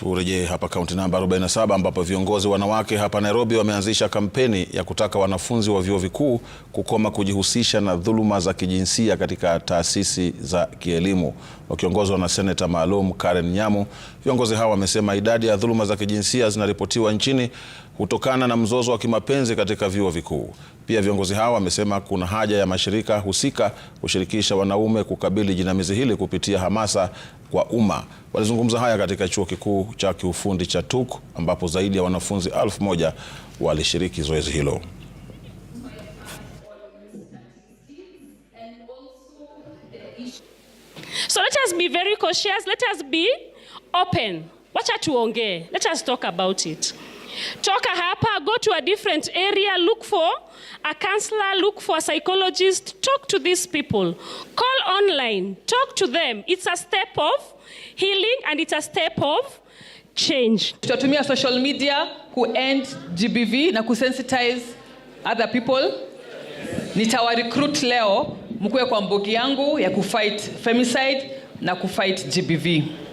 Turejee hapa kaunti namba 47 ambapo viongozi wanawake hapa Nairobi wameanzisha kampeni ya kutaka wanafunzi wa vyuo vikuu kukoma kujihusisha na dhuluma za kijinsia katika taasisi za kielimu. Wakiongozwa na seneta maalum Karen Nyamu, viongozi hawa wamesema idadi ya dhuluma za kijinsia zinaripotiwa nchini kutokana na mzozo wa kimapenzi katika vyuo vikuu. Pia viongozi hawa wamesema kuna haja ya mashirika husika kushirikisha wanaume kukabili jinamizi hili kupitia hamasa kwa umma. Walizungumza haya katika chuo kikuu cha kiufundi cha TUK ambapo zaidi ya wanafunzi elfu moja walishiriki zoezi hilo. So let us be very cautious, let us be open. Wacha tuongee. Let us talk about it. Toka hapa, go to a different area, look for a counselor, look for a psychologist, talk to these people. Call online. Talk to them. It's a step of healing and it's a step of change. Tutatumia social media ku end GBV na kusensitize other people. Nitawa recruit leo mkuwe kwa mbogi yangu ya kufight femicide na kufight GBV.